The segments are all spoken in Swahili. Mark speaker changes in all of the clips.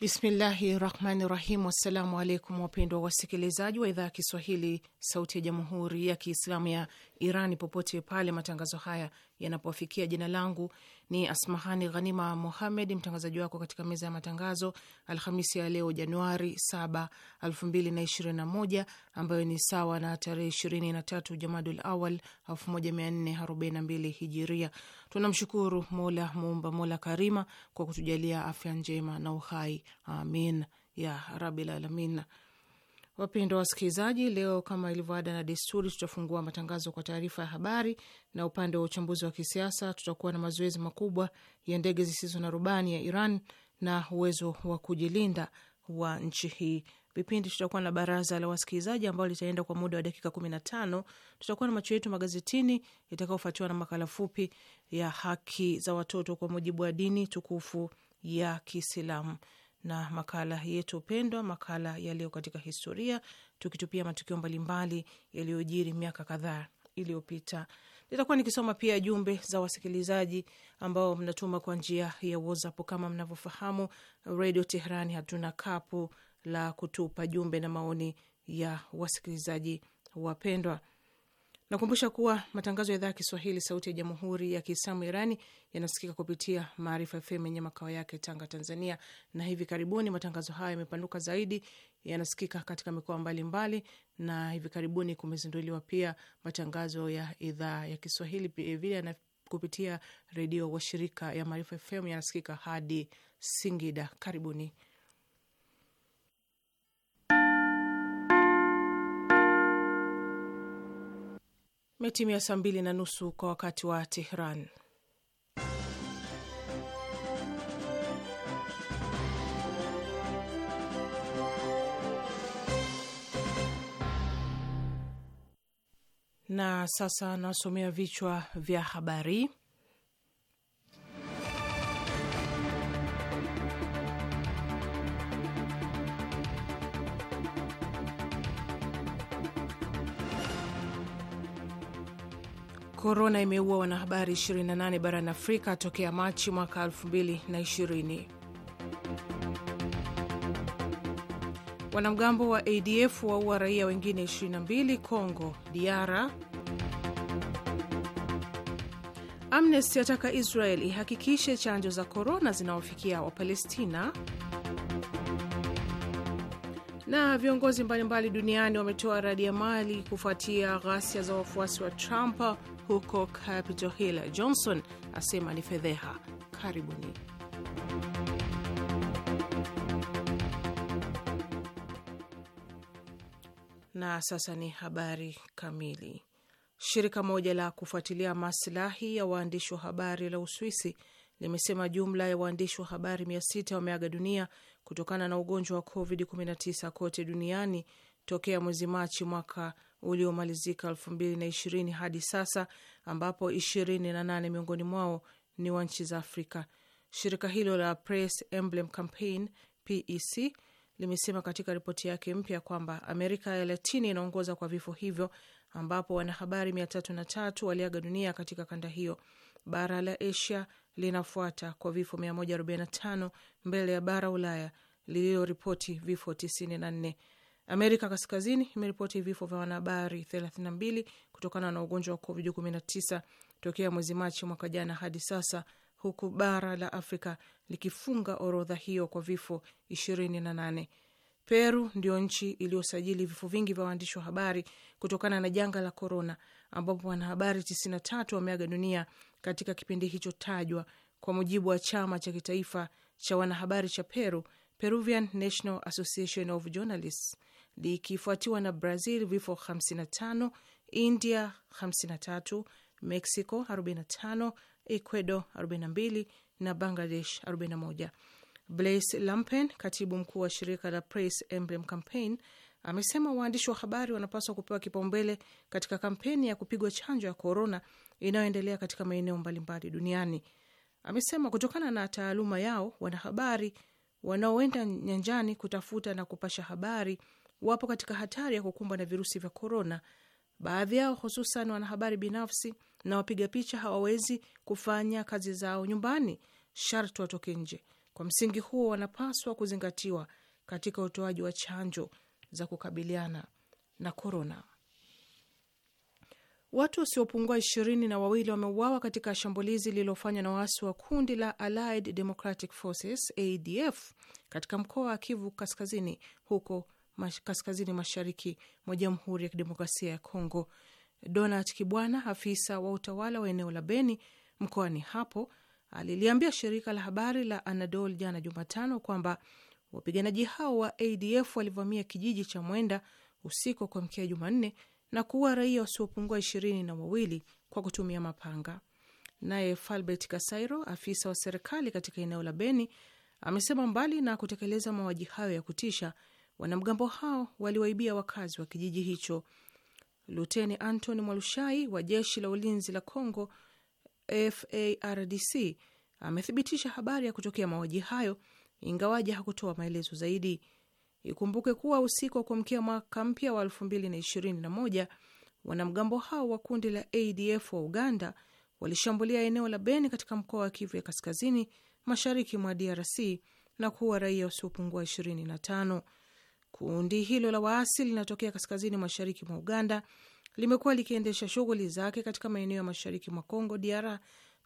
Speaker 1: Bismillahi rahmani rahim. Wassalamu alaikum wapendwa wasikilizaji wa idhaa ya Kiswahili sauti ya jamhuri ya Kiislamu ya Irani popote pale matangazo haya yanapofikia. Jina langu ni Asmahani Ghanima Mohamed, mtangazaji wako katika meza ya matangazo Alhamisi ya leo Januari 7, 2021 ambayo ni sawa na tarehe 23 Jamadul Awal 1442 Hijiria. Tunamshukuru Mola Muumba, Mola Karima kwa kutujalia afya njema na uhai, amin ya rabil alamin. Wapendwa wasikilizaji, leo kama ilivyoada na desturi, tutafungua matangazo kwa taarifa ya habari, na upande wa uchambuzi wa kisiasa tutakuwa na mazoezi makubwa ya ndege zisizo na rubani ya Iran na uwezo wa kujilinda wa nchi hii. Vipindi tutakuwa na baraza la wasikilizaji ambao litaenda kwa muda wa dakika kumi na tano. Tutakuwa na macho yetu magazetini itakayofuatiwa na makala fupi ya haki za watoto kwa mujibu wa dini tukufu ya Kiislamu na makala yetu pendwa, makala yaliyo katika historia, tukitupia matukio mbalimbali yaliyojiri miaka kadhaa iliyopita. Nitakuwa nikisoma pia jumbe za wasikilizaji ambao mnatuma kwa njia ya WhatsApp. Kama mnavyofahamu, Redio Teherani hatuna kapu la kutupa jumbe na maoni ya wasikilizaji wapendwa. Nakumbusha kuwa matangazo ya idhaa ya Kiswahili sauti ya jamhuri ya kiislamu Irani yanasikika kupitia Maarifa FM yenye makao yake Tanga, Tanzania, na hivi karibuni matangazo hayo yamepanuka zaidi, yanasikika katika mikoa mbalimbali, na hivi karibuni kumezinduliwa pia matangazo ya idhaa ya Kiswahili vilevile kupitia redio washirika ya Maarifa FM, yanasikika hadi Singida. Karibuni. Imetimia saa mbili na nusu kwa wakati wa Tehran. Na sasa nasomea vichwa vya habari. Korona imeua wanahabari 28 barani Afrika tokea Machi mwaka 2020. Wanamgambo wa ADF waua raia wengine 22 Congo Diara. Amnesty ataka Israel ihakikishe chanjo za korona zinawafikia Wapalestina. Na viongozi mbalimbali duniani wametoa radi ya mali kufuatia ghasia za wafuasi wa Trump huko Capitol Hill. Johnson asema ni fedheha. Karibuni. Na sasa ni habari kamili. Shirika moja la kufuatilia maslahi ya waandishi wa habari la Uswisi limesema jumla ya waandishi wa habari mia sita wameaga dunia kutokana na ugonjwa wa COVID-19 kote duniani tokea mwezi Machi mwaka uliomalizika elfu mbili na ishirini hadi sasa, ambapo ishirini na nane miongoni mwao ni wa nchi za Afrika. Shirika hilo la Press Emblem Campaign PEC limesema katika ripoti yake mpya kwamba Amerika ya Latini inaongoza kwa vifo hivyo, ambapo wanahabari mia tatu na tatu waliaga dunia katika kanda hiyo. Bara la Asia linafuata kwa vifo 145 mbele ya bara Ulaya lililoripoti vifo 94. Amerika Kaskazini imeripoti vifo vya wanahabari 32 kutokana na ugonjwa wa Covid 19 tokea mwezi Machi mwaka jana hadi sasa, huku bara la Afrika likifunga orodha hiyo kwa vifo 28. Peru ndio nchi iliyosajili vifo vingi vya waandishi wa habari kutokana na janga la korona, ambapo wanahabari 93 wameaga dunia katika kipindi hicho tajwa, kwa mujibu wa chama cha kitaifa cha wanahabari cha Peru, Peruvian National Association of Journalists likifuatiwa na Brazil vifo 55, India 53, Mexico 45, Ecuador 42 na Bangladesh 41. Blaise Lampen, katibu mkuu wa shirika la Press Emblem Campaign, amesema waandishi wa habari wanapaswa kupewa kipaumbele katika kampeni ya kupigwa chanjo ya korona inayoendelea katika maeneo mbalimbali duniani. Amesema kutokana na taaluma yao, wanahabari wanaoenda nyanjani kutafuta na kupasha habari wapo katika hatari ya kukumbwa na virusi vya korona. Baadhi yao hususan wanahabari binafsi na wapiga picha hawawezi kufanya kazi zao nyumbani, sharti watoke nje. Kwa msingi huo, wanapaswa kuzingatiwa katika utoaji wa chanjo za kukabiliana na korona. Watu wasiopungua ishirini na wawili wameuawa katika shambulizi lililofanywa na waasi wa kundi la Allied Democratic Forces ADF katika mkoa wa Kivu Kaskazini huko mash, kaskazini mashariki mwa Jamhuri ya Kidemokrasia ya Kongo. Donat Kibwana, afisa wa utawala wa eneo la Beni mkoani hapo, aliliambia shirika la habari la Anadol jana Jumatano kwamba wapiganaji hao wa ADF walivamia kijiji cha Mwenda usiku kwa mkia Jumanne na kuua raia wasiopungua ishirini na wawili kwa kutumia mapanga. Naye Falbert Kasairo, afisa wa serikali katika eneo la Beni, amesema mbali na kutekeleza mauaji hayo ya kutisha, Wanamgambo hao waliwaibia wakazi wa kijiji hicho. Luteni Antony Mwalushai wa jeshi la ulinzi la Congo, FARDC, amethibitisha habari ya kutokea mauaji hayo, ingawaja hakutoa maelezo zaidi. Ikumbuke kuwa usiku wa kuamkia mwaka mpya wa 2021 wanamgambo hao wa kundi la ADF wa Uganda walishambulia eneo la Beni katika mkoa wa Kivu ya Kaskazini, mashariki mwa DRC na kuua raia wasiopungua 25. Kundi hilo la waasi linatokea kaskazini mashariki mwa Uganda limekuwa likiendesha shughuli zake katika maeneo ya mashariki mwa congo DR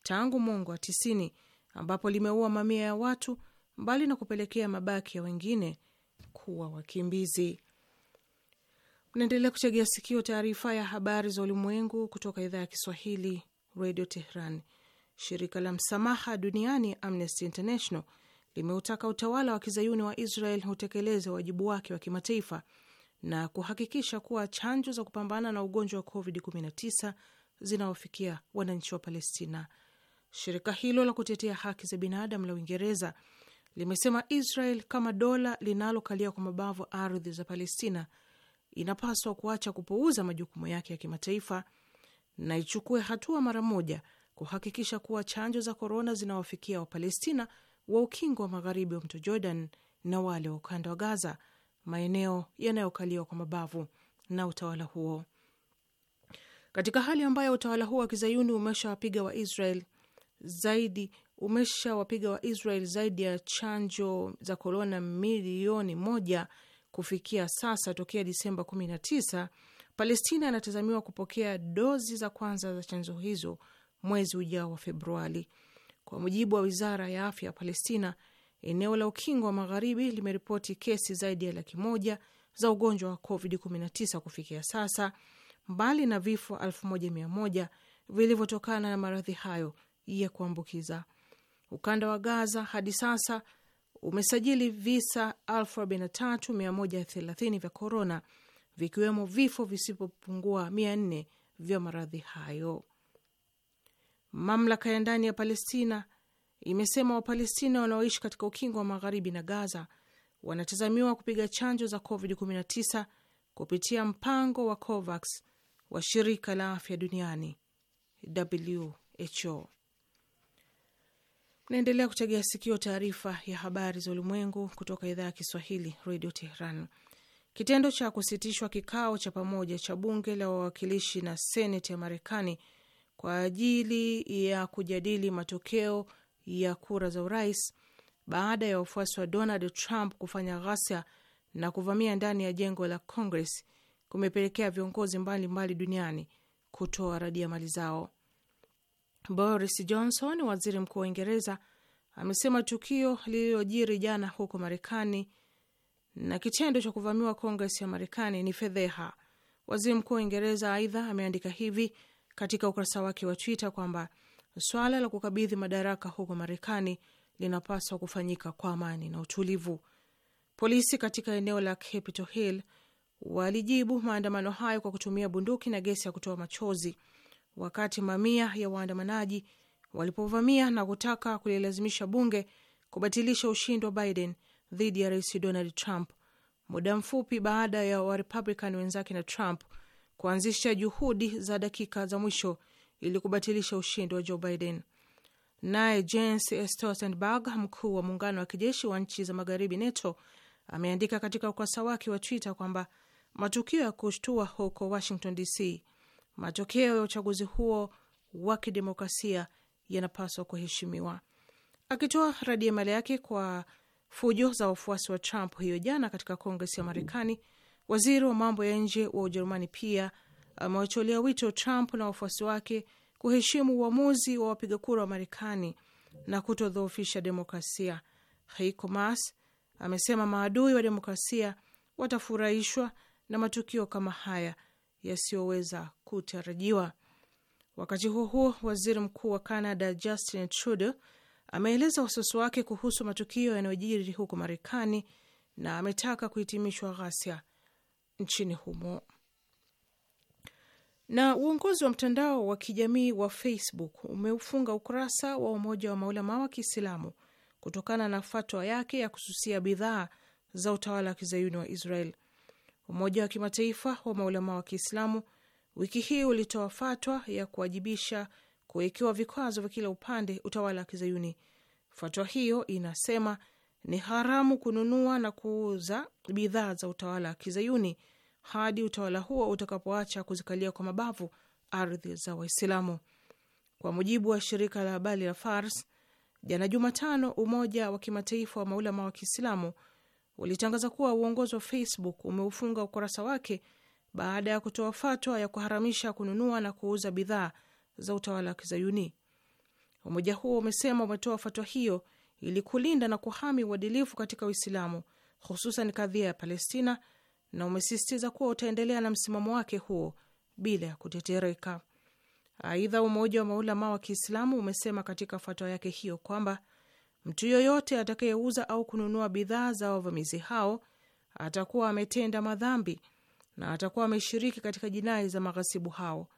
Speaker 1: tangu mwongo wa tisini, ambapo limeua mamia ya watu mbali na kupelekea mabaki ya wengine kuwa wakimbizi. Mnaendelea kuchegea sikio taarifa ya habari za ulimwengu kutoka idhaa ya Kiswahili, Radio Tehran. Shirika la msamaha duniani Amnesty International limeutaka utawala wa kizayuni wa Israel utekeleze wajibu wake wa kimataifa na kuhakikisha kuwa chanjo za kupambana na ugonjwa wa COVID-19 zinawafikia wananchi wa Palestina. Shirika hilo la kutetea haki za binadamu la Uingereza limesema Israel kama dola linalokalia kwa mabavu ardhi za Palestina inapaswa kuacha kupuuza majukumu yake ya kimataifa na ichukue hatua mara moja kuhakikisha kuwa chanjo za korona zinawafikia Wapalestina wa ukingo wa magharibi wa mto Jordan na wale wa ukanda wa Gaza, maeneo yanayokaliwa kwa mabavu na utawala huo, katika hali ambayo utawala huo wa kizayuni umeshawapiga Israel zaidi umeshawapiga Israel zaidi ya chanjo za korona milioni moja kufikia sasa tokea Disemba 19. Palestina inatazamiwa kupokea dozi za kwanza za chanjo hizo mwezi ujao wa Februari. Kwa mujibu wa wizara ya afya ya Palestina, eneo la ukingo wa magharibi limeripoti kesi zaidi ya laki moja za ugonjwa wa COVID-19 kufikia sasa, mbali na vifo 1100 vilivyotokana na maradhi hayo ya kuambukiza. Ukanda wa Gaza hadi sasa umesajili visa 43130 vya korona, vikiwemo vifo visivyopungua 400 vya maradhi hayo. Mamlaka ya ndani ya Palestina imesema Wapalestina wanaoishi katika ukingo wa magharibi na Gaza wanatazamiwa kupiga chanjo za COVID-19 kupitia mpango wa COVAX wa shirika la afya duniani WHO. Naendelea kutegea sikio taarifa ya habari za ulimwengu kutoka idhaa ya Kiswahili redio Tehran. Kitendo cha kusitishwa kikao cha pamoja cha bunge la wawakilishi na seneti ya Marekani kwa ajili ya kujadili matokeo ya kura za urais baada ya wafuasi wa Donald Trump kufanya ghasia na kuvamia ndani ya jengo la Congress kumepelekea viongozi mbalimbali mbali duniani kutoa mali zao. Boris Johnson, waziri mkuu wa Uingereza, amesema tukio lililojiri jana huko Marekani na kitendo cha kuvamiwa Kongres ya Marekani ni fedheha. Waziri mkuu wa Uingereza aidha ameandika hivi: katika ukurasa wake wa Twitter kwamba swala la kukabidhi madaraka huko Marekani linapaswa kufanyika kwa amani na utulivu. Polisi katika eneo la Capitol Hill walijibu maandamano hayo kwa kutumia bunduki na gesi ya kutoa machozi, wakati mamia ya waandamanaji walipovamia na kutaka kulilazimisha bunge kubatilisha ushindi wa Biden dhidi ya rais Donald Trump muda mfupi baada ya Warepublican wenzake na Trump kuanzisha juhudi za dakika za mwisho ili kubatilisha ushindi wa Joe Biden. Naye Jens Stoltenberg, mkuu wa muungano wa kijeshi wa nchi za magharibi NATO, ameandika katika ukurasa wake wa Twitter kwamba matukio ya kushtua huko Washington DC, matokeo ya uchaguzi huo wa kidemokrasia yanapaswa kuheshimiwa. Akitoa mali yake kwa fujo za wafuasi wa Trump hiyo jana katika Kongres ya Marekani mm. Waziri wa mambo ya nje wa Ujerumani pia amewacholea wito Trump na wafuasi wake kuheshimu uamuzi wa wapiga kura wa Marekani na kutodhoofisha demokrasia. Heiko Maas amesema maadui wa demokrasia watafurahishwa na matukio kama haya yasiyoweza kutarajiwa. Wakati huo huo, waziri mkuu wa Canada Justin Trudeau ameeleza wasiwasi wake kuhusu matukio yanayojiri huko Marekani na ametaka kuhitimishwa ghasia nchini humo. Na uongozi wa mtandao wa kijamii wa Facebook umeufunga ukurasa wa Umoja wa Maulama wa Kiislamu kutokana na fatwa yake ya kususia bidhaa za utawala wa kizayuni wa Israel. Umoja wa Kimataifa wa Maulama wa Kiislamu wiki hii ulitoa fatwa ya kuwajibisha kuwekewa vikwazo vya kila upande utawala wa kizayuni. Fatwa hiyo inasema ni haramu kununua na kuuza bidhaa za utawala wa kizayuni hadi utawala huo utakapoacha kuzikalia kwa mabavu ardhi za Waislamu. Kwa mujibu wa shirika la habari la Fars, jana Jumatano, Umoja wa Kimataifa wa Maulama wa Kiislamu ulitangaza kuwa uongozi wa Facebook umeufunga ukurasa wake baada ya kutoa fatwa ya kuharamisha kununua na kuuza bidhaa za utawala wa kizayuni. Umoja huo umesema umetoa fatwa hiyo ili kulinda na kuhami uadilifu katika Uislamu, hususan kadhia ya Palestina, na umesisitiza kuwa utaendelea na msimamo wake huo bila ya kutetereka. Aidha, Umoja wa Maulama wa Kiislamu umesema katika fatwa yake hiyo kwamba mtu yoyote atakayeuza au kununua bidhaa za wavamizi hao atakuwa ametenda madhambi na atakuwa ameshiriki katika jinai za maghasibu hao.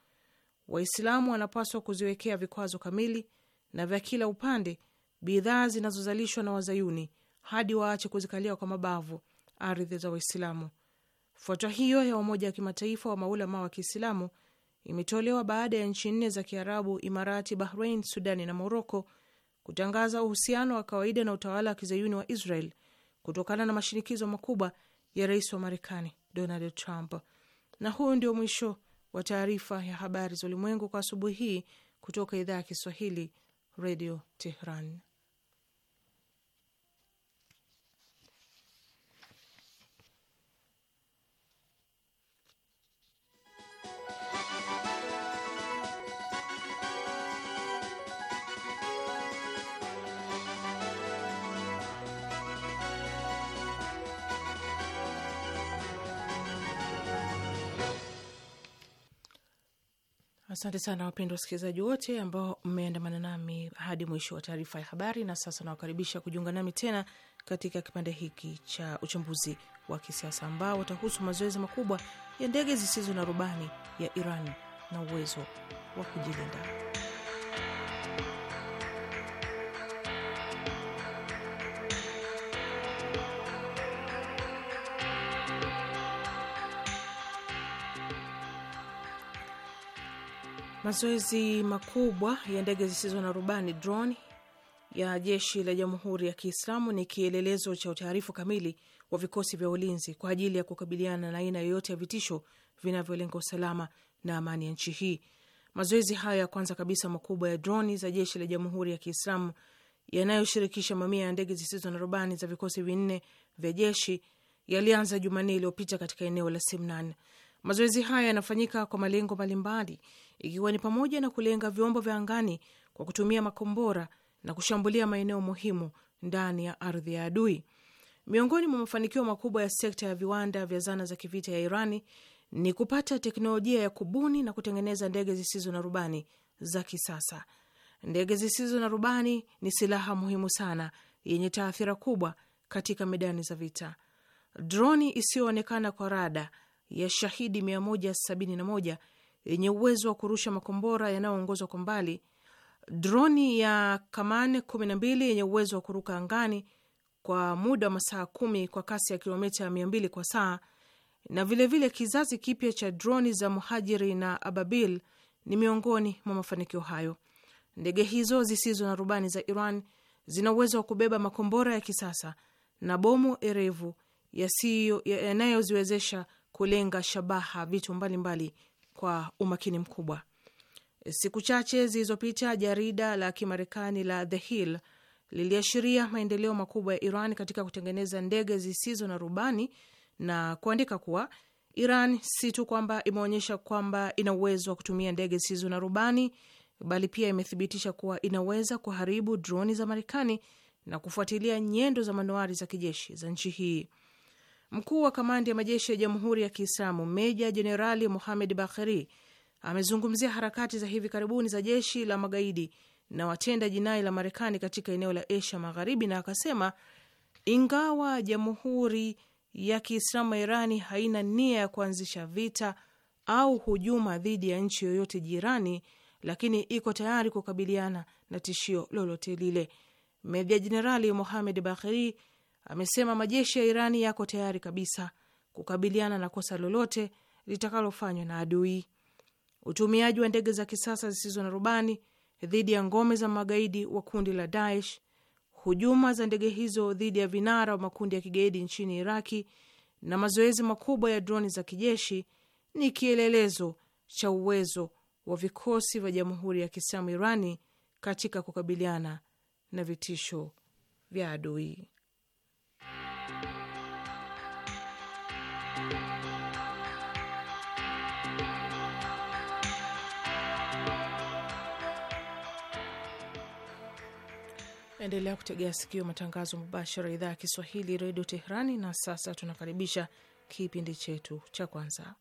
Speaker 1: Waislamu wanapaswa kuziwekea vikwazo kamili na vya kila upande bidhaa zinazozalishwa na wazayuni hadi waache kuzikalia kwa mabavu ardhi za Waislamu. Fatwa hiyo ya Umoja wa Kimataifa wa Maulama wa Kiislamu imetolewa baada ya nchi nne za Kiarabu, Imarati, Bahrain, Sudani na Moroko, kutangaza uhusiano wa kawaida na utawala wa kizayuni wa Israel kutokana na mashinikizo makubwa ya rais wa Marekani Donald Trump. Na huu ndio mwisho wa taarifa ya habari za ulimwengu kwa asubuhi hii kutoka idhaa ya Kiswahili, Radio Tehran. Asante sana wapendwa wasikilizaji wote ambao mmeandamana nami hadi mwisho wa taarifa ya habari. Na sasa nawakaribisha kujiunga nami tena katika kipande hiki cha uchambuzi wa kisiasa ambao utahusu mazoezi makubwa ya ndege zisizo na rubani ya Iran na uwezo wa kujilinda. Mazoezi makubwa ya ndege zisizo na rubani drone ya jeshi la Jamhuri ya Kiislamu ni kielelezo cha utaarifu kamili wa vikosi vya ulinzi kwa ajili ya kukabiliana na aina yoyote ya vitisho vinavyolenga usalama na amani ya nchi hii. Mazoezi haya ya kwanza kabisa makubwa ya droni za jeshi la Jamhuri ya Kiislamu yanayoshirikisha mamia ya ndege zisizo na rubani za vikosi vinne vya jeshi yalianza Jumanne iliyopita katika eneo la Simnan. Mazoezi haya yanafanyika kwa malengo mbalimbali, ikiwa ni pamoja na kulenga vyombo vya angani kwa kutumia makombora na kushambulia maeneo muhimu ndani ya ardhi ya adui. Miongoni mwa mafanikio makubwa ya sekta ya viwanda vya zana za kivita ya Irani ni kupata teknolojia ya kubuni na kutengeneza ndege zisizo na rubani za kisasa. Ndege zisizo na rubani ni silaha muhimu sana yenye taathira kubwa katika medani za vita. Droni isiyoonekana kwa rada ya Shahidi 171 yenye uwezo wa kurusha makombora yanayoongozwa kwa mbali, droni ya Kamane 12 yenye uwezo wa kuruka angani kwa muda wa masaa kumi kwa kasi ya kilomita 200 kwa saa, na vilevile vile kizazi kipya cha droni za Muhajiri na Ababil ni miongoni mwa mafanikio hayo. Ndege hizo zisizo na rubani za Iran zina uwezo wa kubeba makombora ya kisasa na bomu erevu yanayoziwezesha kulenga shabaha vitu mbalimbali mbali kwa umakini mkubwa. Siku chache zilizopita, jarida la Kimarekani la The Hill liliashiria maendeleo makubwa ya Iran katika kutengeneza ndege zisizo na rubani na kuandika kuwa Iran si tu kwamba imeonyesha kwamba ina uwezo wa kutumia ndege zisizo na rubani, bali pia imethibitisha kuwa inaweza kuharibu droni za Marekani na kufuatilia nyendo za manuari za kijeshi za nchi hii. Mkuu wa kamandi ya majeshi ya Jamhuri ya Kiislamu Meja Jenerali Muhamed Bakhiri, amezungumzia harakati za hivi karibuni za jeshi la magaidi na watenda jinai la Marekani katika eneo la Asia Magharibi, na akasema ingawa Jamhuri ya Kiislamu ya Irani haina nia ya kuanzisha vita au hujuma dhidi ya nchi yoyote jirani, lakini iko tayari kukabiliana na tishio lolote lile. Meja Jenerali Muhamed Bakhiri amesema majeshi ya Irani yako tayari kabisa kukabiliana na kosa lolote litakalofanywa na adui. Utumiaji wa ndege za kisasa zisizo na rubani dhidi ya ngome za magaidi wa kundi la Daesh, hujuma za ndege hizo dhidi ya vinara wa makundi ya kigaidi nchini Iraki na mazoezi makubwa ya droni za kijeshi ni kielelezo cha uwezo wa vikosi vya Jamhuri ya Kiislamu Irani katika kukabiliana na vitisho vya adui. Endelea kutegea sikio matangazo mubashara idhaa ya Kiswahili redio Teherani. Na sasa tunakaribisha kipindi chetu cha kwanza,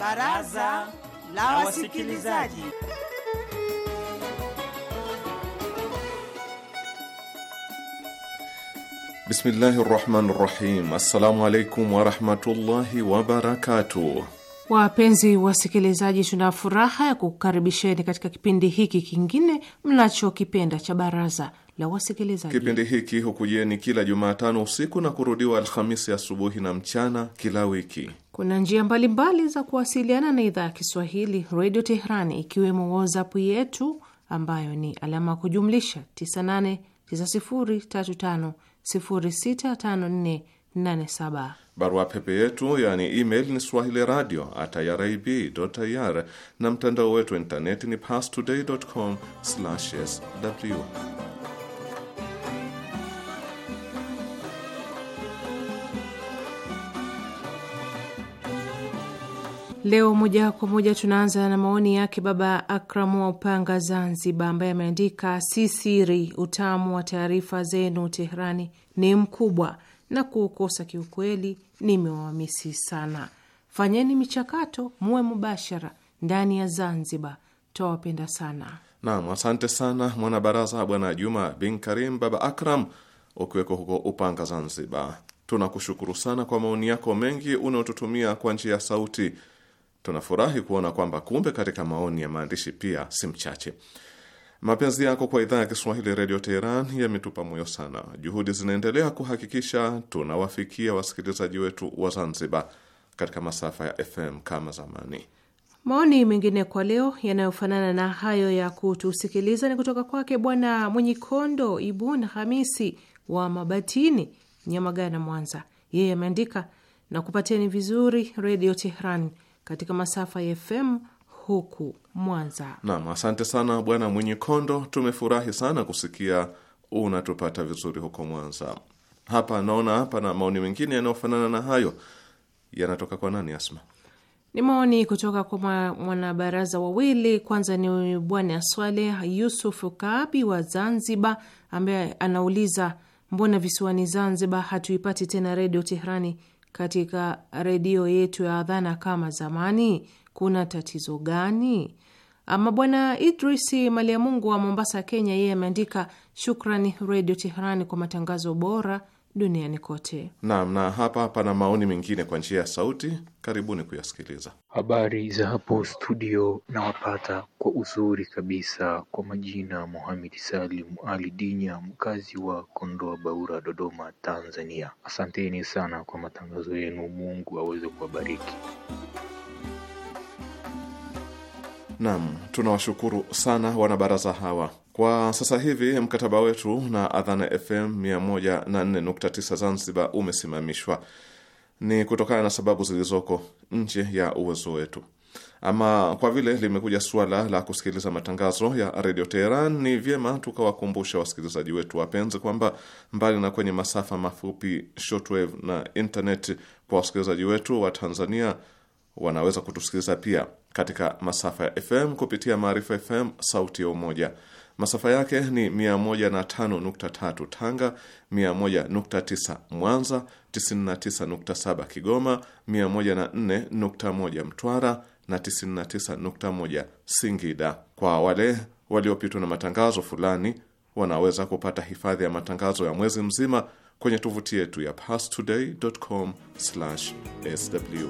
Speaker 1: baraza la wasikilizaji.
Speaker 2: Bismillahi rahmani rahim. Assalamu alaikum warahmatullahi wabarakatuh.
Speaker 1: Wapenzi wasikilizaji, tuna furaha ya kukukaribisheni katika kipindi hiki kingine mnachokipenda cha baraza la wasikilizaji.
Speaker 2: Kipindi hiki hukujieni kila Jumatano usiku na kurudiwa Alhamisi asubuhi na mchana kila wiki.
Speaker 1: Kuna njia mbalimbali za kuwasiliana na idhaa ya Kiswahili Redio Tehrani, ikiwemo WhatsApp yetu ambayo ni alama ya kujumlisha 989035 065487.
Speaker 2: Barua pepe yetu yaani email ni swahili radio at irib ir, na mtandao wetu wa intaneti ni pastoday.com/sw
Speaker 1: Leo moja kwa moja tunaanza na maoni yake Baba Akramu wa Upanga, Zanzibar, ambaye ameandika si siri, utamu wa taarifa zenu Teherani ni mkubwa na kuukosa kiukweli, nimewamisi sana. Fanyeni michakato, muwe mubashara ndani ya Zanzibar, twawapenda sana.
Speaker 2: Naam, asante sana mwanabaraza Bwana Juma bin Karim, Baba Akram, ukiweko huko Upanga, Zanzibar. Tunakushukuru sana kwa maoni yako mengi unaotutumia kwa njia ya sauti Tunafurahi kuona kwamba kumbe katika maoni ya maandishi pia si mchache. Mapenzi yako kwa idhaa ya Kiswahili Redio Teheran yametupa moyo sana. Juhudi zinaendelea kuhakikisha tunawafikia wasikilizaji wetu wa Zanzibar katika masafa ya FM kama zamani.
Speaker 1: Maoni mengine kwa leo yanayofanana na hayo ya kutusikiliza ni kutoka kwake Bwana Mwenyikondo Ibun Hamisi wa Mabatini, Nyamagana, Mwanza. Yeye ameandika na kupateni vizuri Redio Teheran katika masafa ya FM huku Mwanza.
Speaker 2: Naam, asante sana Bwana Mwinyi Kondo, tumefurahi sana kusikia unatupata vizuri huko Mwanza. Hapa naona hapa na maoni mengine yanayofanana na hayo yanatoka kwa nani, Asma?
Speaker 1: Ni maoni kutoka kwa mwanabaraza wawili. Kwanza ni bwana Swale yusuf Kaabi wa Zanzibar, ambaye anauliza mbona visiwani Zanzibar hatuipati tena redio Teherani katika redio yetu ya adhana kama zamani? Kuna tatizo gani? Ama bwana Idris Maliamungu wa Mombasa, Kenya, yeye ameandika shukrani Redio Teherani kwa matangazo bora duniani kote.
Speaker 2: Naam, na hapa pana maoni mengine kwa njia ya sauti, karibuni kuyasikiliza. Habari za hapo studio, nawapata
Speaker 3: kwa uzuri kabisa. Kwa majina Muhamed Salim Ali Dinya, mkazi wa Kondoa Baura, Dodoma, Tanzania. Asanteni sana kwa
Speaker 2: matangazo yenu, Mungu aweze kuwabariki. Naam, tunawashukuru sana wanabaraza hawa. Kwa sasa hivi mkataba wetu na Adhana FM 104.9 Zanzibar umesimamishwa, ni kutokana na sababu zilizoko nje ya uwezo wetu. Ama kwa vile limekuja suala la kusikiliza matangazo ya redio Teheran, ni vyema tukawakumbusha wasikilizaji wetu wapenzi kwamba mbali na kwenye masafa mafupi shortwave na internet, kwa wasikilizaji wetu wa Tanzania wanaweza kutusikiliza pia katika masafa ya FM kupitia Maarifa FM sauti ya Umoja. Masafa yake ni 105.3 Tanga, 101.9 Mwanza, 99.7 Kigoma, 104.1 Mtwara na 99.1 Singida. Kwa wale waliopitwa na matangazo fulani, wanaweza kupata hifadhi ya matangazo ya mwezi mzima kwenye tovuti yetu ya pastoday.com/sw.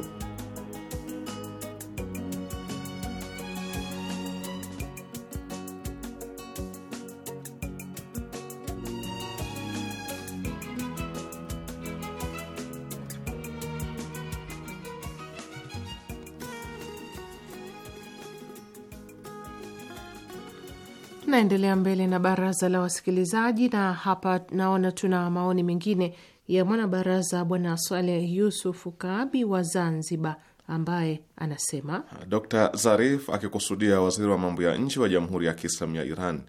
Speaker 1: Tunaendelea mbele na baraza la wasikilizaji, na hapa naona tuna maoni mengine ya mwanabaraza Bwana Swale Yusufu Kaabi wa Zanzibar, ambaye anasema
Speaker 2: Dr Zarif akikusudia waziri wa mambo ya nje wa Jamhuri ya Kiislamu ya Iran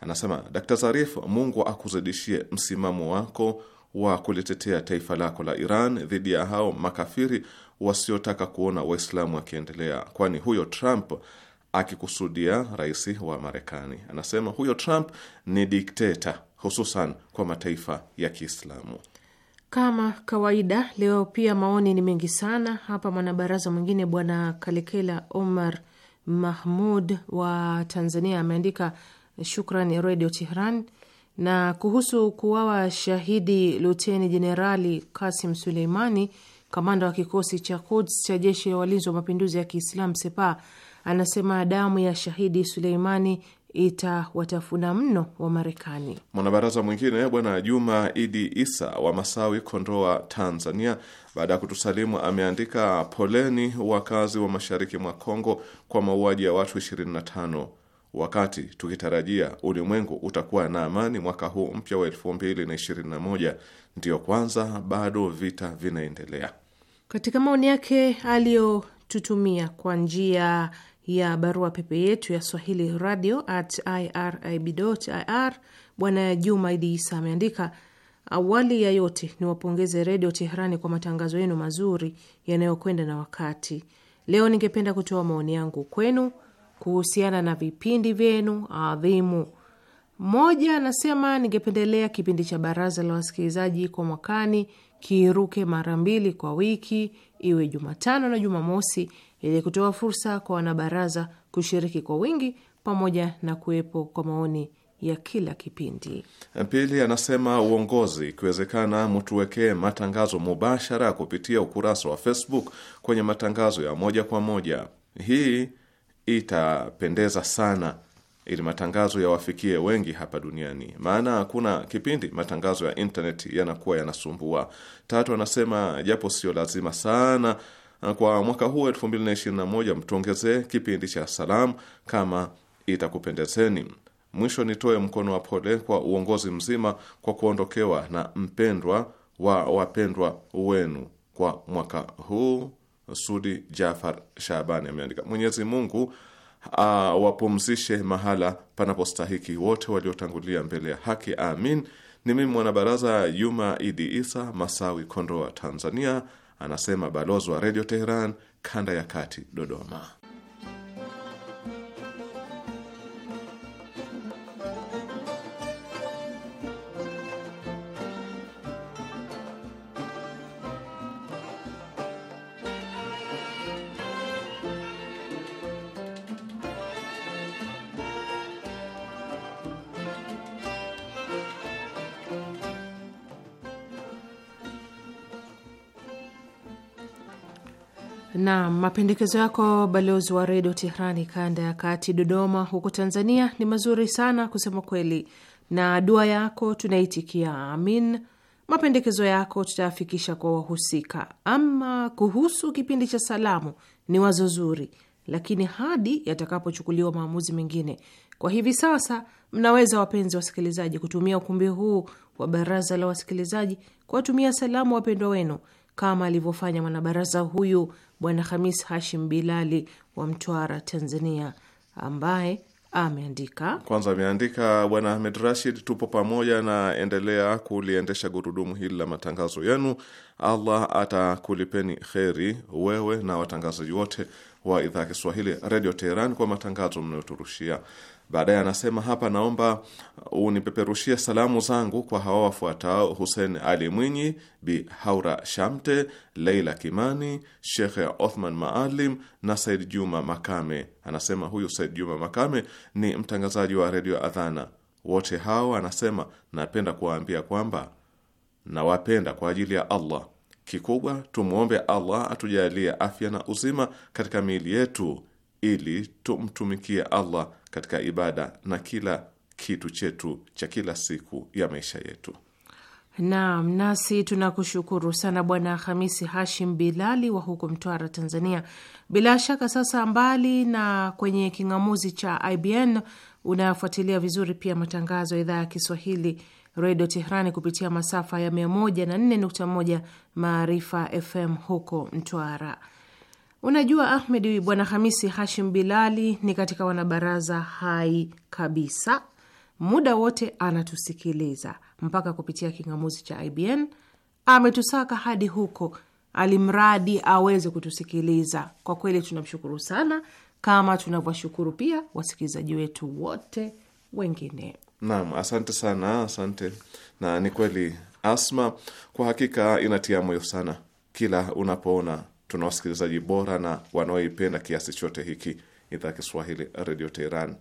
Speaker 2: anasema, Dr Zarif, Mungu akuzidishie msimamo wako wa kulitetea taifa lako la Iran dhidi ya hao makafiri wasiotaka kuona Waislamu wakiendelea, kwani huyo Trump akikusudia rais wa Marekani. Anasema huyo Trump ni dikteta, hususan kwa mataifa ya Kiislamu.
Speaker 1: Kama kawaida, leo pia maoni ni mengi sana hapa. Mwanabaraza mwingine Bwana Kalekela Omar Mahmud wa Tanzania ameandika shukran Redio Tehran na kuhusu kuwawa shahidi Luteni Jenerali Kasim Suleimani, kamanda wa kikosi cha Quds cha jeshi la walinzi wa mapinduzi ya Kiislamu Sepah anasema damu ya shahidi Suleimani itawatafuna mno wa Marekani.
Speaker 2: Mwanabaraza mwingine Bwana Juma Idi Isa wa Masawi, Kondoa, Tanzania, baada ya kutusalimu ameandika poleni wakazi wa mashariki mwa Kongo kwa mauaji ya watu 25 wakati tukitarajia ulimwengu utakuwa na amani mwaka huu mpya wa 2021 ndiyo kwanza bado vita vinaendelea.
Speaker 1: Katika maoni yake aliyotutumia kwa njia ya barua pepe yetu ya swahili radio at irib.ir. Bwana Juma Idi Isa ameandika awali ya yote ni wapongeze Redio Teherani kwa matangazo yenu mazuri yanayokwenda na wakati. Leo ningependa kutoa maoni yangu kwenu kuhusiana na vipindi vyenu adhimu. Moja, anasema ningependelea kipindi cha baraza la wasikilizaji kwa mwakani kiruke mara mbili kwa wiki, iwe Jumatano na Jumamosi, ili kutoa fursa kwa wanabaraza kushiriki kwa wingi pamoja na kuwepo kwa maoni ya kila kipindi.
Speaker 2: Pili, anasema uongozi, ikiwezekana, mtuwekee matangazo mubashara kupitia ukurasa wa Facebook kwenye matangazo ya moja kwa moja. Hii itapendeza sana, ili matangazo yawafikie wengi hapa duniani, maana kuna kipindi matangazo ya intaneti yanakuwa yanasumbua. Tatu, anasema japo sio lazima sana kwa mwaka huu 2021 mtuongezee kipindi cha salamu kama itakupendezeni. Mwisho nitoe mkono wa pole kwa uongozi mzima kwa kuondokewa na mpendwa wa wapendwa wenu kwa mwaka huu. Sudi Jafar Shabani ameandika, Mwenyezi Mungu awapumzishe mahala panapostahiki wote waliotangulia mbele ya haki, amin. Ni mimi mwanabaraza Juma Idi Isa Masawi, Kondoa, Tanzania anasema balozi wa redio Teheran kanda ya kati Dodoma.
Speaker 1: Naam, mapendekezo yako balozi wa redio Tehrani kanda ya kati Dodoma huko Tanzania ni mazuri sana kusema kweli, na dua yako tunaitikia amin. Mapendekezo yako tutayafikisha kwa wahusika. Ama kuhusu kipindi cha salamu, ni wazo zuri, lakini hadi yatakapochukuliwa maamuzi mengine. Kwa hivi sasa, mnaweza wapenzi wasikilizaji, kutumia ukumbi huu wa baraza la wasikilizaji kuwatumia salamu wapendwa wenu kama alivyofanya mwanabaraza huyu Bwana Hamis Hashim Bilali wa Mtwara, Tanzania, ambaye ameandika
Speaker 2: kwanza. Ameandika Bwana Ahmed Rashid, tupo pamoja na endelea kuliendesha gurudumu hili la matangazo yenu. Allah atakulipeni kheri, wewe na watangazaji wote wa idhaa ya Kiswahili Redio Teheran, kwa matangazo mnayoturushia Baadaye anasema hapa, naomba unipeperushie salamu zangu kwa hawa wafuatao: Hussein Ali Mwinyi, Bi Haura Shamte, Leila Kimani, Shekhe Othman Maalim na Said Juma Makame. Anasema huyu Said Juma Makame ni mtangazaji wa redio Adhana. Wote hao anasema napenda kuwaambia kwamba nawapenda kwa ajili ya Allah. Kikubwa tumwombe Allah atujalie afya na uzima katika miili yetu ili tumtumikie Allah katika ibada na kila kitu chetu cha kila siku ya maisha yetu.
Speaker 1: Naam, nasi tunakushukuru sana Bwana Hamisi Hashim Bilali wa huko Mtwara, Tanzania. Bila shaka sasa, mbali na kwenye king'amuzi cha IBN unayofuatilia vizuri pia matangazo ya idhaa ya Kiswahili Redio Teherani kupitia masafa ya 104.1 Maarifa FM huko Mtwara. Unajua Ahmed, bwana Hamisi Hashim Bilali ni katika wanabaraza hai kabisa, muda wote anatusikiliza mpaka kupitia king'amuzi cha IBN ametusaka hadi huko, alimradi aweze kutusikiliza. Kwa kweli tunamshukuru sana, kama tunavyoshukuru pia wasikilizaji wetu wote wengine.
Speaker 2: Naam, asante sana, asante. Na ni kweli Asma, kwa hakika inatia moyo sana kila unapoona Tuna wasikilizaji bora na wanaoipenda kiasi chote hiki idhaa Kiswahili Radio Teheran.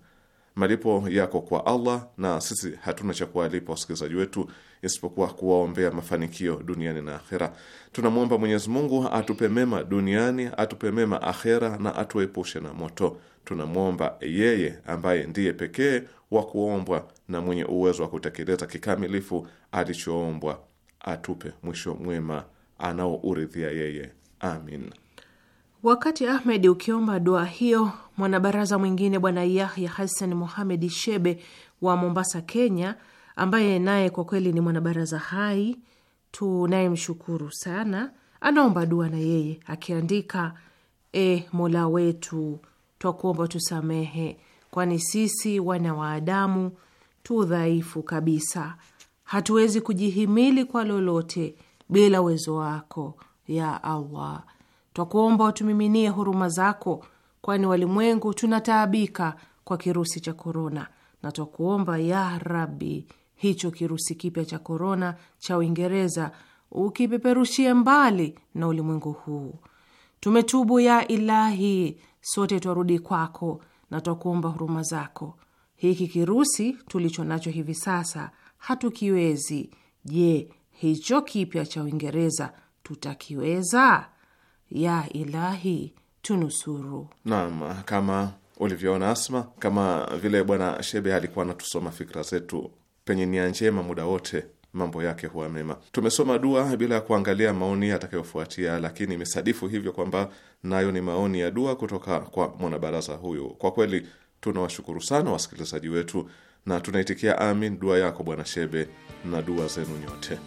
Speaker 2: Malipo yako kwa Allah na sisi hatuna cha kuwalipa wasikilizaji wetu isipokuwa kuwaombea mafanikio duniani na akhera. Tunamwomba Mwenyezi Mungu atupe mema duniani, atupe mema akhera na atuepushe na moto. Tunamwomba yeye ambaye ndiye pekee wa kuombwa na mwenye uwezo wa kutekeleza kikamilifu alichoombwa, atupe mwisho mwema anaouridhia yeye. Amin.
Speaker 1: Wakati Ahmed ukiomba dua hiyo, mwanabaraza mwingine Bwana Yahya Hassan Muhamedi Shebe wa Mombasa, Kenya, ambaye naye kwa kweli ni mwanabaraza hai tunayemshukuru sana, anaomba dua na yeye akiandika: E Mola wetu, twakuomba tusamehe, kwani sisi wana wa Adamu tu dhaifu kabisa, hatuwezi kujihimili kwa lolote bila uwezo wako ya Allah. Twakuomba utumiminie huruma zako, kwani walimwengu tunataabika kwa kirusi cha korona, na twakuomba ya Rabi, hicho kirusi kipya cha korona cha Uingereza ukipeperushie mbali na ulimwengu huu. Tumetubu ya Ilahi, sote twarudi kwako na twakuomba huruma zako. Hiki kirusi tulicho nacho hivi sasa hatukiwezi. Je, hicho kipya cha Uingereza tutakiweza? Ya Ilahi, tunusuru.
Speaker 2: Naam, kama ulivyoona Asma, kama vile Bwana Shebe alikuwa anatusoma fikra zetu, penye nia njema muda wote mambo yake huwa mema. Tumesoma dua bila ya kuangalia maoni atakayofuatia, lakini imesadifu hivyo kwamba nayo ni maoni ya dua kutoka kwa mwanabaraza huyu. Kwa kweli tunawashukuru sana wasikilizaji wetu na tunaitikia amin dua yako Bwana Shebe na dua zenu nyote.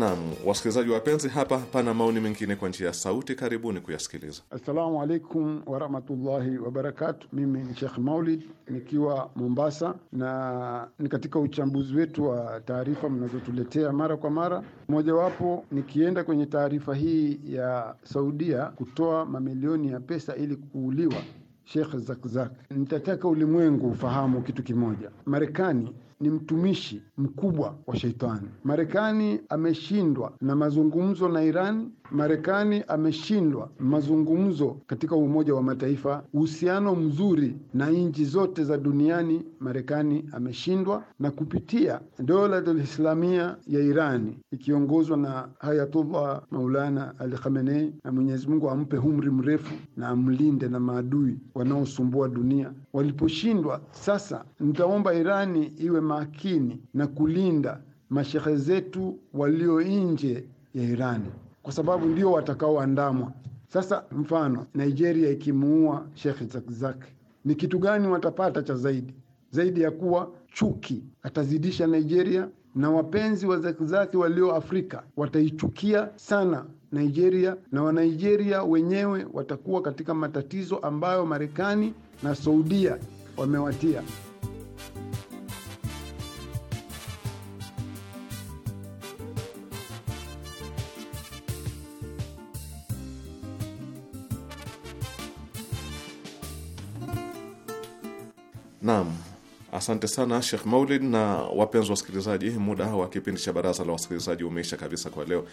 Speaker 2: Naam, wasikilizaji wapenzi, hapa pana maoni mengine kwa njia ya sauti, karibuni kuyasikiliza.
Speaker 4: Assalamu alaikum warahmatullahi wabarakatu. Mimi ni Shekh Maulid nikiwa Mombasa, na ni katika uchambuzi wetu wa taarifa mnazotuletea mara kwa mara, mojawapo nikienda kwenye taarifa hii ya Saudia kutoa mamilioni ya pesa ili kuuliwa Shekh Zakzak, nitataka ulimwengu ufahamu kitu kimoja, Marekani ni mtumishi mkubwa wa Sheitani. Marekani ameshindwa na mazungumzo na Irani. Marekani ameshindwa mazungumzo katika Umoja wa Mataifa, uhusiano mzuri na nchi zote za duniani. Marekani ameshindwa na kupitia dola Islamia ya Irani ikiongozwa na Hayatullah Maulana Ali Khamenei, na Mwenyezi Mungu ampe umri mrefu na amlinde na maadui wanaosumbua dunia. Waliposhindwa sasa, nitaomba Irani iwe makini na kulinda mashehe zetu walio nje ya Irani kwa sababu ndio watakaoandamwa. Sasa mfano Nigeria ikimuua shekhe Zakzaki, ni kitu gani watapata cha zaidi zaidi ya kuwa chuki atazidisha Nigeria, na wapenzi wa zakizaki walio Afrika wataichukia sana Nigeria, na Wanigeria wenyewe watakuwa katika matatizo ambayo Marekani na Saudia wamewatia.
Speaker 2: Asante sana Shekh Maulid na wapenzi wasikilizaji, muda wa kipindi cha baraza la wasikilizaji umeisha kabisa kwa leo.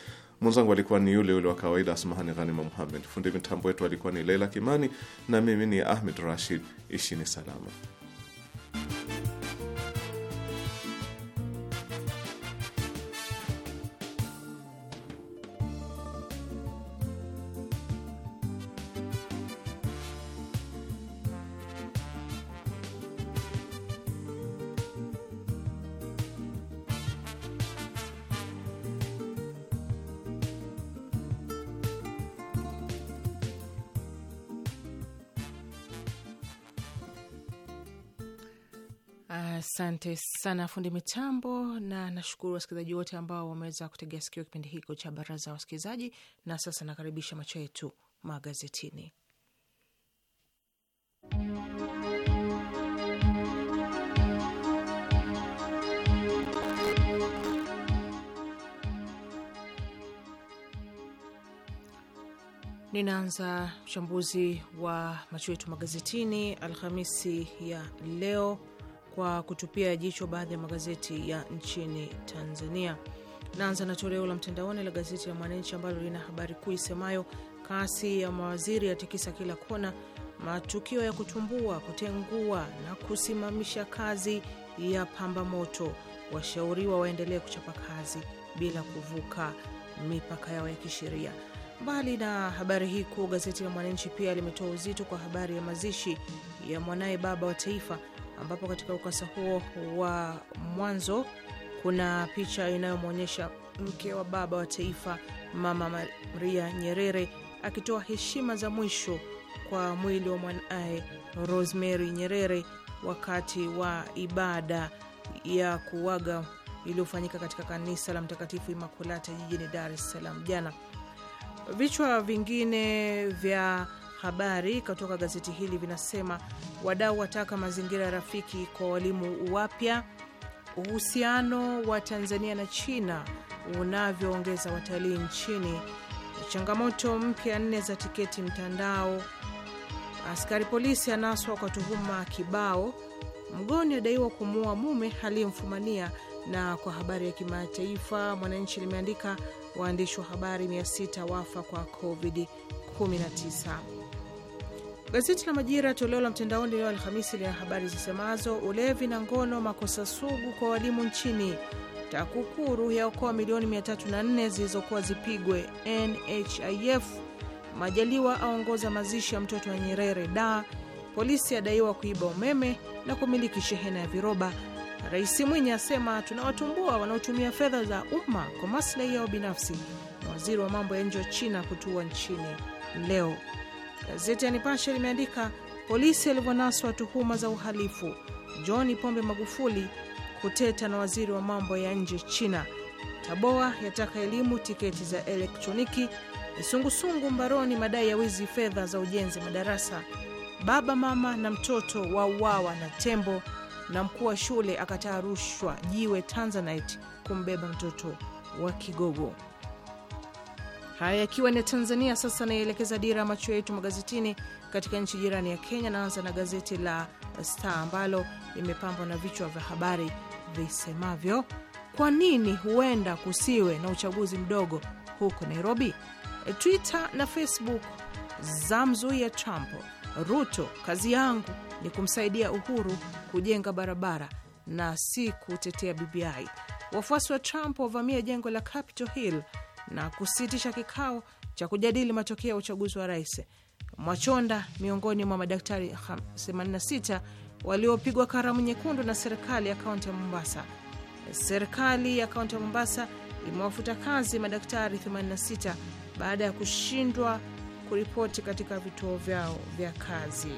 Speaker 2: Mwenzangu alikuwa ni yule yule wa kawaida, Asmahani Ghanima Muhammed. Fundi mitambo wetu alikuwa ni Leila Kimani na mimi ni Ahmed Rashid. Ishini salama.
Speaker 1: Asante sana fundi mitambo, na nashukuru wasikilizaji wote ambao wameweza kutegea sikio kipindi hiko cha baraza ya wasikilizaji. Na sasa nakaribisha macho yetu magazetini. Ninaanza uchambuzi wa macho yetu magazetini Alhamisi ya leo kwa kutupia jicho baadhi ya magazeti ya nchini Tanzania. Naanza na toleo la mtandaoni la gazeti la Mwananchi ambalo lina habari kuu isemayo kasi ya mawaziri yatikisa kila kona, matukio ya kutumbua, kutengua na kusimamisha kazi ya pamba moto, washauriwa waendelee kuchapa kazi bila kuvuka mipaka yao ya kisheria. Mbali na habari hii kuu, gazeti la Mwananchi pia limetoa uzito kwa habari ya mazishi ya mwanaye baba wa taifa ambapo katika ukurasa huo wa mwanzo kuna picha inayomwonyesha mke wa baba wa taifa Mama Maria Nyerere akitoa heshima za mwisho kwa mwili wa mwanaye Rosemary Nyerere wakati wa ibada ya kuwaga iliyofanyika katika kanisa la Mtakatifu Imakulata jijini Dar es Salaam jana. Vichwa vingine vya Habari kutoka gazeti hili vinasema wadau wataka mazingira rafiki kwa walimu wapya, uhusiano wa Tanzania na China unavyoongeza watalii nchini, changamoto mpya nne za tiketi mtandao, askari polisi anaswa kwa tuhuma kibao, mgoni adaiwa kumuua mume aliyemfumania. Na kwa habari ya kimataifa, Mwananchi limeandika waandishi wa habari 600 wafa kwa COVID-19. Gazeti la Majira toleo la mtandaoni leo Alhamisi lina habari zisemazo: ulevi na ngono makosa sugu kwa walimu nchini, TAKUKURU yaokoa milioni 304 zilizokuwa zipigwe NHIF, Majaliwa aongoza mazishi ya mtoto wa Nyerere da, polisi adaiwa kuiba umeme na kumiliki shehena ya viroba, Rais Mwinyi asema tunawatumbua wanaotumia fedha za umma kwa maslahi yao binafsi, na waziri wa mambo ya nje wa China kutua nchini leo. Gazeti ya Nipashe limeandika polisi alivyonaswa tuhuma za uhalifu, John Pombe Magufuli kuteta na waziri wa mambo ya nje China, Taboa yataka elimu tiketi za elektroniki, sungusungu mbaroni madai ya wizi fedha za ujenzi madarasa, baba mama na mtoto wa uwawa na tembo, na mkuu wa shule akataa rushwa jiwe tanzanite kumbeba mtoto wa Kigogo. Haya yakiwa ni Tanzania. Sasa naielekeza dira ya macho yetu magazetini katika nchi jirani ya Kenya. Naanza na gazeti la Star ambalo limepambwa na vichwa vya habari visemavyo: kwa nini huenda kusiwe na uchaguzi mdogo huko Nairobi? E, Twitter na Facebook zamzuia Trump. Ruto: kazi yangu ni kumsaidia Uhuru kujenga barabara na si kutetea BBI. Wafuasi wa Trump wavamia jengo la Capitol Hill na kusitisha kikao cha kujadili matokeo ya uchaguzi wa rais. Mwachonda miongoni mwa madaktari 86 waliopigwa karamu nyekundu na serikali ya kaunti ya Mombasa. Serikali ya kaunti ya Mombasa imewafuta kazi madaktari 86 baada ya kushindwa kuripoti katika vituo vyao vya kazi.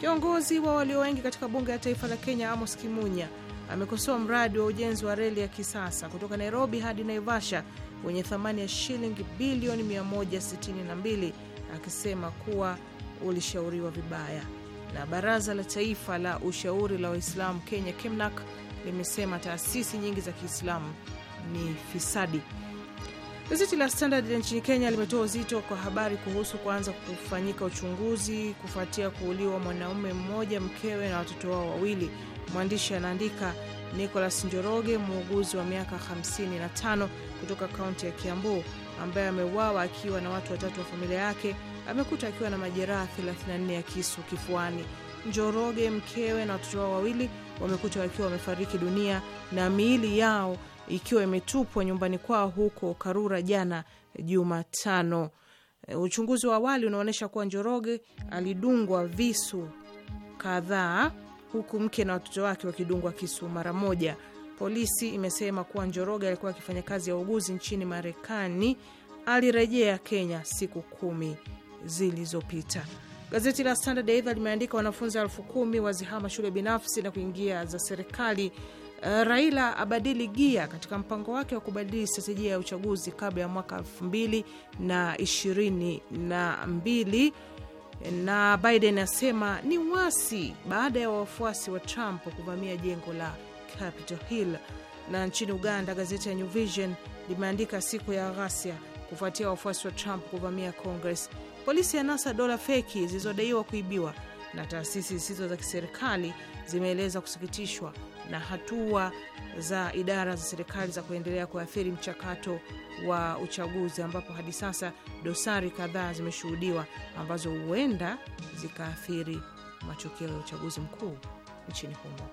Speaker 1: Kiongozi wa walio wengi katika bunge la taifa la Kenya, Amos Kimunya, amekosoa mradi wa ujenzi wa reli ya kisasa kutoka Nairobi hadi Naivasha wenye thamani ya shilingi bilioni 162 akisema kuwa ulishauriwa vibaya. Na baraza la taifa la ushauri la Waislamu Kenya, KEMNAK, limesema taasisi nyingi za Kiislamu ni fisadi. Gazeti la Standard nchini Kenya limetoa uzito kwa habari kuhusu kuanza kufanyika uchunguzi kufuatia kuuliwa mwanaume mmoja, mkewe na watoto wao wawili Mwandishi anaandika Nicholas Njoroge, muuguzi wa miaka 55 kutoka kaunti ya Kiambu, ambaye ameuawa akiwa na watu watatu wa familia yake, amekuta akiwa na majeraha 34 ya kisu kifuani. Njoroge, mkewe na watoto wao wawili wamekuta wakiwa wamefariki dunia na miili yao ikiwa imetupwa nyumbani kwao huko Karura jana Jumatano. Uchunguzi wa awali unaonyesha kuwa Njoroge alidungwa visu kadhaa huku mke na watoto wake wakidungwa kisu mara moja. Polisi imesema kuwa Njoroge alikuwa akifanya kazi ya uuguzi nchini Marekani. Alirejea Kenya siku kumi zilizopita. Gazeti la Standard aidha limeandika wanafunzi elfu kumi wazihama shule binafsi na kuingia za serikali. Uh, Raila abadili gia katika mpango wake wa kubadili stratejia ya uchaguzi kabla ya mwaka elfu mbili na ishirini na mbili na Biden asema ni wasi baada ya wafuasi wa Trump kuvamia jengo la Capitol Hill. Na nchini Uganda, gazeti ya New Vision limeandika siku ya ghasia kufuatia wafuasi wa Trump kuvamia Congress. Polisi ya nasa dola feki zilizodaiwa kuibiwa na taasisi zisizo za kiserikali zimeeleza kusikitishwa na hatua za idara za serikali za kuendelea kuathiri mchakato wa uchaguzi, ambapo hadi sasa dosari kadhaa zimeshuhudiwa ambazo huenda zikaathiri matokeo ya uchaguzi mkuu nchini humo.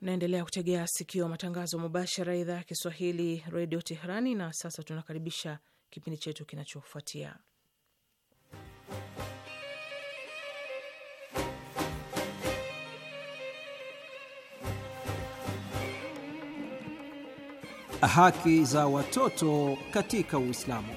Speaker 1: Naendelea kutegea sikio matangazo mubashara idhaa ya Kiswahili redio Teherani. Na sasa tunakaribisha kipindi chetu kinachofuatia
Speaker 3: haki za watoto katika Uislamu.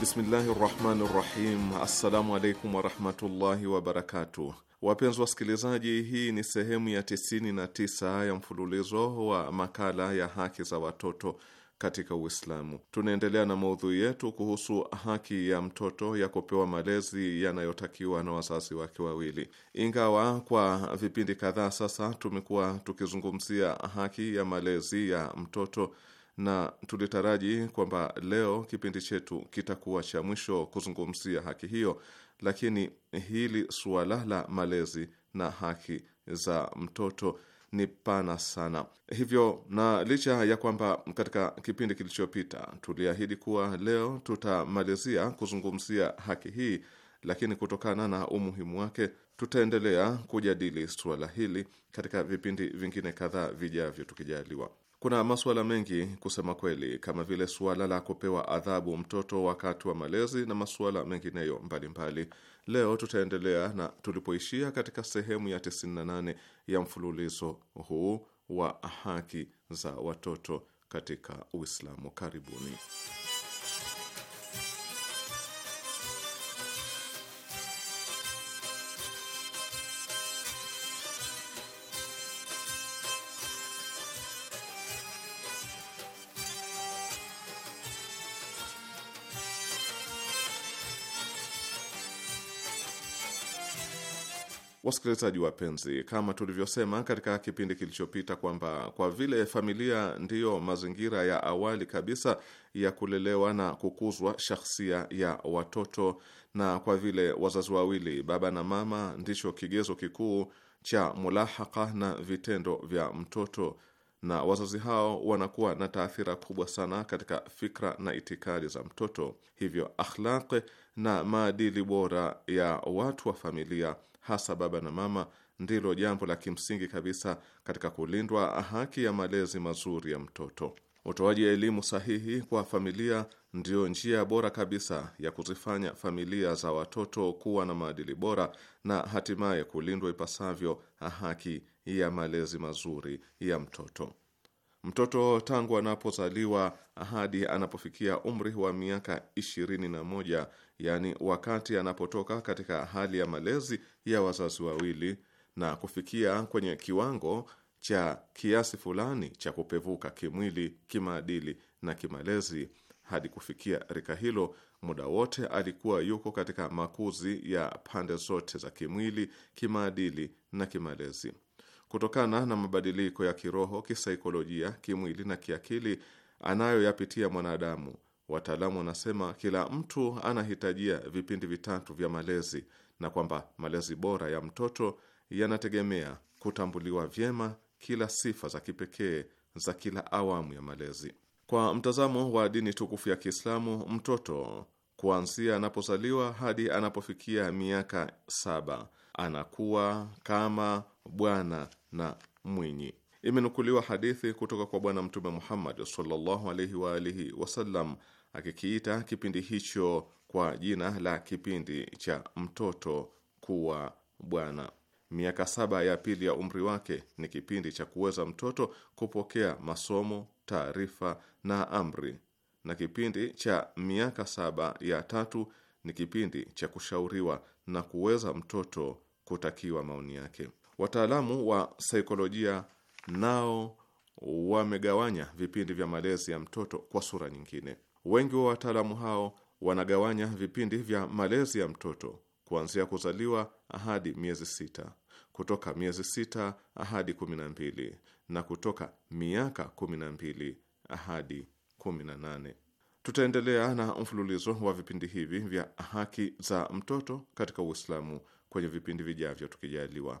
Speaker 2: Bismillahi rahmani rahim. Assalamu alaikum warahmatullahi wabarakatuh. Wapenzi wasikilizaji, hii ni sehemu ya 99 ya mfululizo wa makala ya haki za watoto katika Uislamu. Tunaendelea na maudhui yetu kuhusu haki ya mtoto ya kupewa malezi yanayotakiwa na wazazi wake wawili. Ingawa kwa vipindi kadhaa sasa tumekuwa tukizungumzia haki ya malezi ya mtoto na tulitaraji kwamba leo kipindi chetu kitakuwa cha mwisho kuzungumzia haki hiyo, lakini hili suala la malezi na haki za mtoto ni pana sana. Hivyo, na licha ya kwamba katika kipindi kilichopita tuliahidi kuwa leo tutamalizia kuzungumzia haki hii, lakini kutokana na umuhimu wake tutaendelea kujadili suala hili katika vipindi vingine kadhaa vijavyo tukijaliwa. Kuna masuala mengi kusema kweli, kama vile suala la kupewa adhabu mtoto wakati wa malezi na masuala mengineyo mbalimbali. Leo tutaendelea na tulipoishia katika sehemu ya 98 ya mfululizo huu wa haki za watoto katika Uislamu. Karibuni. Wasikilizaji wapenzi, kama tulivyosema katika kipindi kilichopita kwamba kwa vile familia ndiyo mazingira ya awali kabisa ya kulelewa na kukuzwa shahsia ya watoto, na kwa vile wazazi wawili, baba na mama, ndicho kigezo kikuu cha mulahaka na vitendo vya mtoto, na wazazi hao wanakuwa na taathira kubwa sana katika fikra na itikadi za mtoto, hivyo akhlaq na maadili bora ya watu wa familia hasa baba na mama, ndilo jambo la kimsingi kabisa katika kulindwa haki ya malezi mazuri ya mtoto. Utoaji elimu sahihi kwa familia ndiyo njia bora kabisa ya kuzifanya familia za watoto kuwa na maadili bora na hatimaye kulindwa ipasavyo haki ya malezi mazuri ya mtoto. Mtoto tangu anapozaliwa hadi anapofikia umri wa miaka ishirini na moja, yaani wakati anapotoka katika hali ya malezi ya wazazi wawili na kufikia kwenye kiwango cha kiasi fulani cha kupevuka kimwili, kimaadili na kimalezi, hadi kufikia rika hilo, muda wote alikuwa yuko katika makuzi ya pande zote za kimwili, kimaadili na kimalezi kutokana na mabadiliko ya kiroho, kisaikolojia, kimwili na kiakili anayoyapitia mwanadamu. Wataalamu wanasema kila mtu anahitajia vipindi vitatu vya malezi na kwamba malezi bora ya mtoto yanategemea kutambuliwa vyema kila sifa za kipekee za kila awamu ya malezi. Kwa mtazamo wa dini tukufu ya Kiislamu, mtoto kuanzia anapozaliwa hadi anapofikia miaka saba anakuwa kama bwana na mwinyi. Imenukuliwa hadithi kutoka kwa Bwana Mtume Muhammad sallallahu alaihi wa alihi wasallam akikiita kipindi hicho kwa jina la kipindi cha mtoto kuwa bwana. Miaka saba ya pili ya umri wake ni kipindi cha kuweza mtoto kupokea masomo, taarifa na amri, na kipindi cha miaka saba ya tatu ni kipindi cha kushauriwa na kuweza mtoto kutakiwa maoni yake. Wataalamu wa saikolojia nao wamegawanya vipindi vya malezi ya mtoto kwa sura nyingine. Wengi wa wataalamu hao wanagawanya vipindi vya malezi ya mtoto kuanzia kuzaliwa hadi miezi sita, kutoka miezi sita hadi kumi na mbili na kutoka miaka kumi na mbili hadi kumi na nane. Tutaendelea na mfululizo wa vipindi hivi vya haki za mtoto katika Uislamu kwenye vipindi vijavyo tukijaliwa.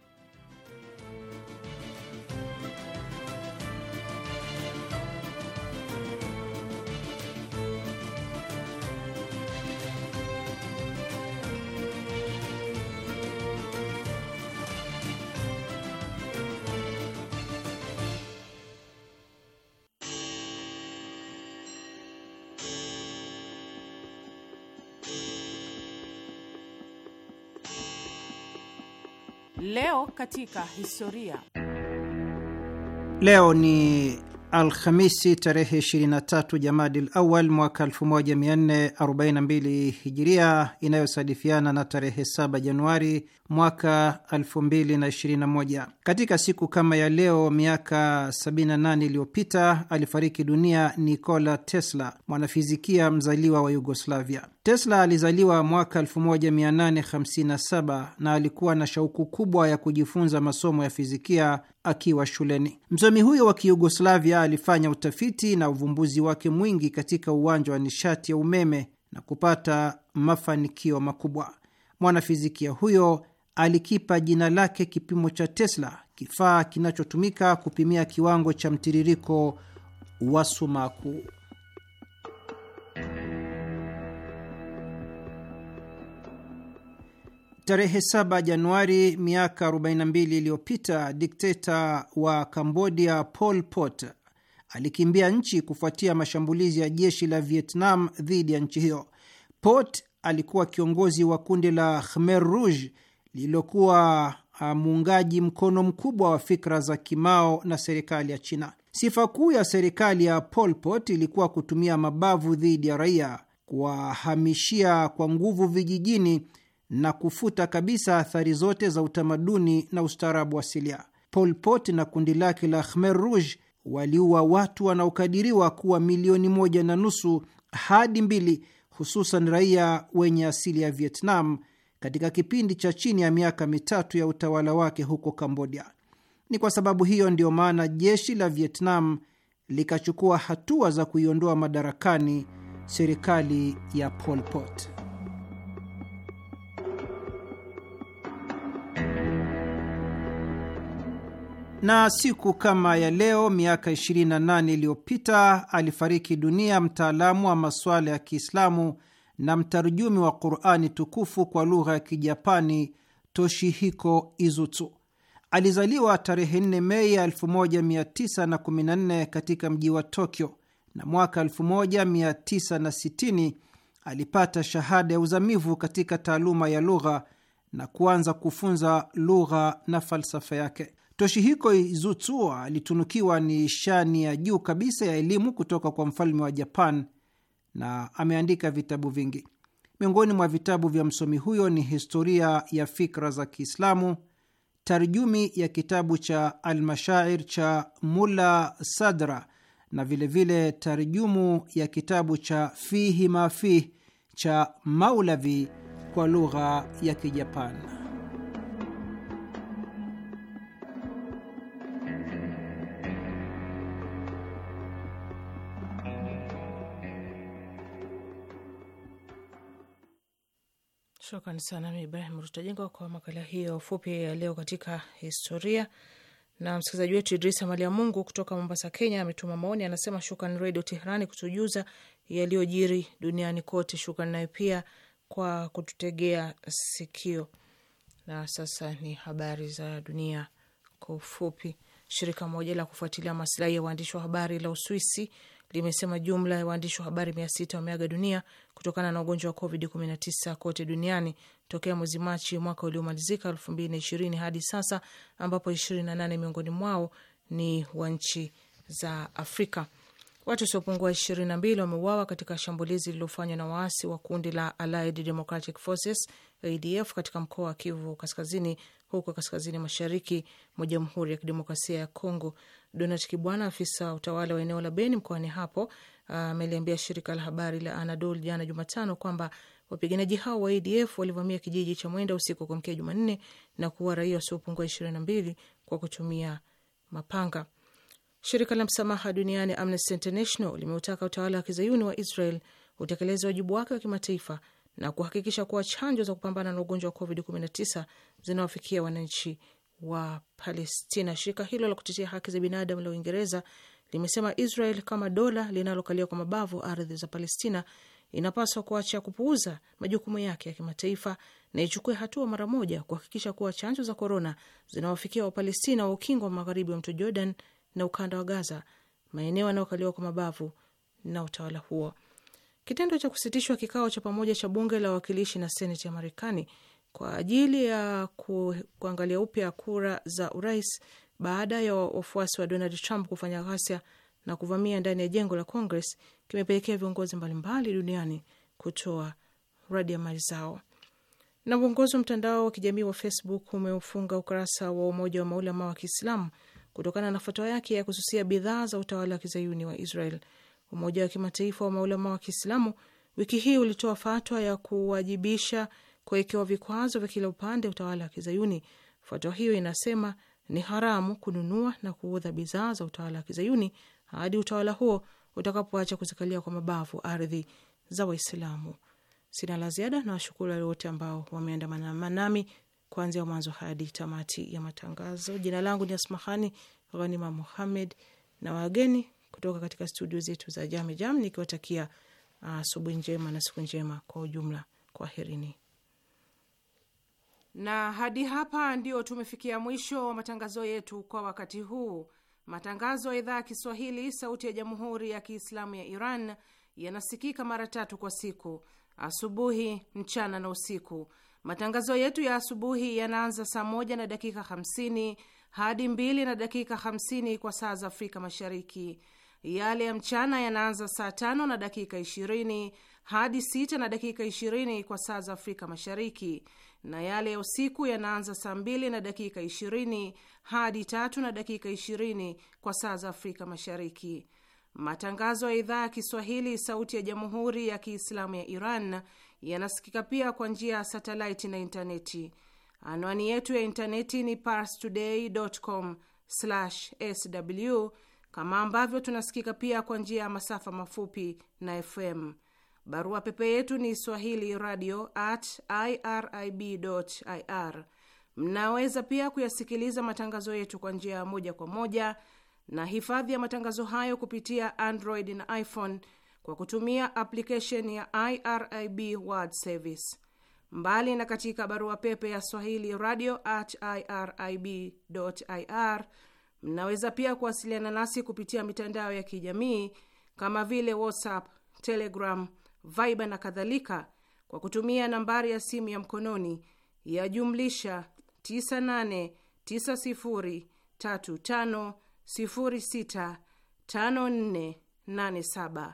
Speaker 1: Leo katika historia.
Speaker 3: Leo ni Alhamisi tarehe 23 Jamadil Awal mwaka 1442 Hijiria, inayosadifiana na tarehe 7 Januari mwaka 2021. Katika siku kama ya leo miaka 78 iliyopita alifariki dunia Nikola Tesla, mwanafizikia mzaliwa wa Yugoslavia. Tesla alizaliwa mwaka 1857 na alikuwa na shauku kubwa ya kujifunza masomo ya fizikia akiwa shuleni. Msomi huyo wa Kiyugoslavia alifanya utafiti na uvumbuzi wake mwingi katika uwanja wa nishati ya umeme na kupata mafanikio makubwa. Mwanafizikia huyo alikipa jina lake kipimo cha Tesla, kifaa kinachotumika kupimia kiwango cha mtiririko wa sumaku. Tarehe 7 Januari miaka 42 iliyopita, dikteta wa Kambodia Pol Pot alikimbia nchi kufuatia mashambulizi ya jeshi la Vietnam dhidi ya nchi hiyo. Pot alikuwa kiongozi wa kundi la Khmer Rouge lililokuwa ah, muungaji mkono mkubwa wa fikra za Kimao na serikali ya China. Sifa kuu ya serikali ya Pol Pot ilikuwa kutumia mabavu dhidi ya raia, kuwahamishia kwa nguvu vijijini na kufuta kabisa athari zote za utamaduni na ustaarabu asilia. Pol Pot na kundi lake la Khmer Rouge waliua watu wanaokadiriwa kuwa milioni moja na nusu hadi mbili, hususan raia wenye asili ya Vietnam katika kipindi cha chini ya miaka mitatu ya utawala wake huko Kambodia. Ni kwa sababu hiyo ndiyo maana jeshi la Vietnam likachukua hatua za kuiondoa madarakani serikali ya Pol Pot. Na siku kama ya leo miaka 28 iliyopita alifariki dunia mtaalamu wa masuala ya Kiislamu na mtarjumi wa Qurani tukufu kwa lugha ya Kijapani, Toshihiko Izutsu. Alizaliwa tarehe 4 Mei 1914 katika mji wa Tokyo, na mwaka 1960 alipata shahada ya uzamivu katika taaluma ya lugha na kuanza kufunza lugha na falsafa yake. Toshihiko Izutsu alitunukiwa ni shani ya juu kabisa ya elimu kutoka kwa mfalme wa Japan na ameandika vitabu vingi. Miongoni mwa vitabu vya msomi huyo ni historia ya fikra za Kiislamu, tarjumi ya kitabu cha Almashair cha Mulla Sadra na vilevile vile tarjumu ya kitabu cha Fihi Mafih cha Maulavi kwa lugha ya Kijapani.
Speaker 1: Shukran sana Ibrahim Rutajengwa kwa makala hiyo fupi ya leo katika historia. Na msikilizaji wetu Idrisa Malia Mungu kutoka Mombasa, Kenya ametuma maoni, anasema shukran Redio Teherani kutujuza yaliyojiri duniani kote. Shukran naye pia kwa kututegea sikio. Na sasa ni habari za dunia kwa ufupi. Shirika moja la kufuatilia masilahi ya waandishi wa habari la Uswisi limesema jumla ya waandishi wa habari mia sita wameaga dunia kutokana na ugonjwa wa Covid 19 kote duniani tokea mwezi Machi mwaka uliomalizika elfu mbili na ishirini hadi sasa, ambapo 28 miongoni mwao ni wa nchi za Afrika. Watu wasiopungua mbili wameuawa katika shambulizi lililofanywa na waasi wa kundi la Allied Democratic Forces ADF katika mkoa wa Kivu Kaskazini, huko kaskazini mashariki mwa Jamhuri ya Kidemokrasia ya Kongo. Donat Kibwana, afisa wa utawala wa eneo la Beni mkoani hapo, ameliambia shirika la habari la anadol jana Jumatano kwamba wapiganaji hao wa ADF walivamia kijiji cha Mwenda usiku wa kuamkia Jumanne na kuua raia wasiopungua mbili kwa kutumia mapanga. Shirika la msamaha duniani Amnesty International limeutaka utawala wa kizayuni wa Israel utekeleze wajibu wake wa kimataifa na kuhakikisha kuwa chanjo za kupambana na ugonjwa wa COVID-19 zinawafikia wananchi wa Palestina. Shirika hilo la kutetea haki za binadamu la Uingereza limesema Israel kama dola linalokalia kwa mabavu ardhi za Palestina inapaswa kuacha kupuuza majukumu yake ya kimataifa na ichukue hatua mara moja kuhakikisha kuwa chanjo za korona zinawafikia Wapalestina wa ukingo wa magharibi wa mto Jordan na ukanda wa Gaza, maeneo yanayokaliwa kwa mabavu na utawala huo. Kitendo cha kusitishwa kikao cha pamoja cha bunge la wawakilishi na seneti ya Marekani kwa ajili ya ku, kuangalia upya kura za urais baada ya wafuasi wa Donald Trump kufanya ghasia na kuvamia ndani ya jengo la Congress kimepelekea viongozi mbalimbali duniani kutoa radi ya mali zao. Na uongozi wa mtandao wa kijamii wa Facebook umeufunga ukurasa wa Umoja wa Maulama wa Kiislamu kutokana na fatwa yake ya kususia bidhaa za utawala wa kizayuni wa Israel. Umoja wa Kimataifa wa Maulama wa Kiislamu wiki hii ulitoa fatwa ya kuwajibisha kuwekewa vikwazo vya kila upande utawala wa kizayuni. Fatwa hiyo inasema ni haramu kununua na kuudha bidhaa za utawala wa kizayuni hadi utawala huo utakapoacha kuzikalia kwa mabavu ardhi za Waislamu. Sina la ziada na washukuru wale wote ambao wameandamana nami kuanzia mwanzo hadi tamati ya matangazo. Jina langu ni Asmahani Ghanima Muhammed na wageni kutoka katika studio zetu za Jame Jam, nikiwatakia uh, asubuhi uh, njema na siku njema kwa ujumla. Kwaherini na hadi hapa ndio tumefikia mwisho wa matangazo yetu kwa wakati huu. Matangazo ya idhaa ya Kiswahili sauti ya jamhuri ya Kiislamu ya Iran yanasikika mara tatu kwa siku: asubuhi, mchana na usiku. Matangazo yetu ya asubuhi yanaanza saa moja na dakika hamsini hadi mbili na dakika hamsini kwa saa za Afrika Mashariki. Yale ya mchana yanaanza saa tano na dakika ishirini hadi sita na dakika ishirini kwa saa za Afrika Mashariki, na yale ya usiku yanaanza saa mbili na dakika ishirini hadi tatu na dakika ishirini kwa saa za Afrika Mashariki. Matangazo ya idhaa ya Kiswahili sauti ya Jamhuri ya Kiislamu ya Iran yanasikika pia kwa njia ya satelaiti na intaneti. Anwani yetu ya intaneti ni parstoday.com/sw, kama ambavyo tunasikika pia kwa njia ya masafa mafupi na FM. Barua pepe yetu ni swahili radio at irib.ir. Mnaweza pia kuyasikiliza matangazo yetu kwa njia ya moja kwa moja na hifadhi ya matangazo hayo kupitia Android na iPhone kwa kutumia application ya IRIB World Service, mbali na katika barua pepe ya swahili radio at irib ir. Mnaweza pia kuwasiliana nasi kupitia mitandao ya kijamii kama vile WhatsApp, Telegram, Viber na kadhalika kwa kutumia nambari ya simu ya mkononi ya jumlisha 989035065487.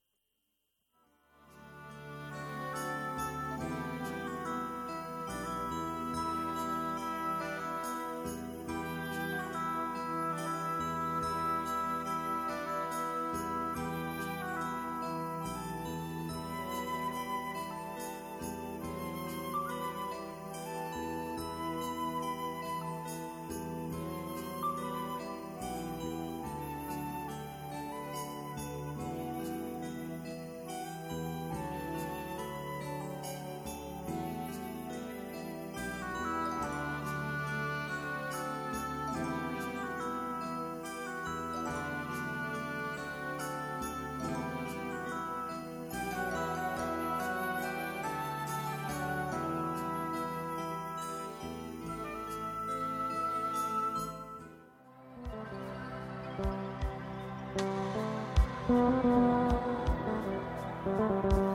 Speaker 5: Thank you.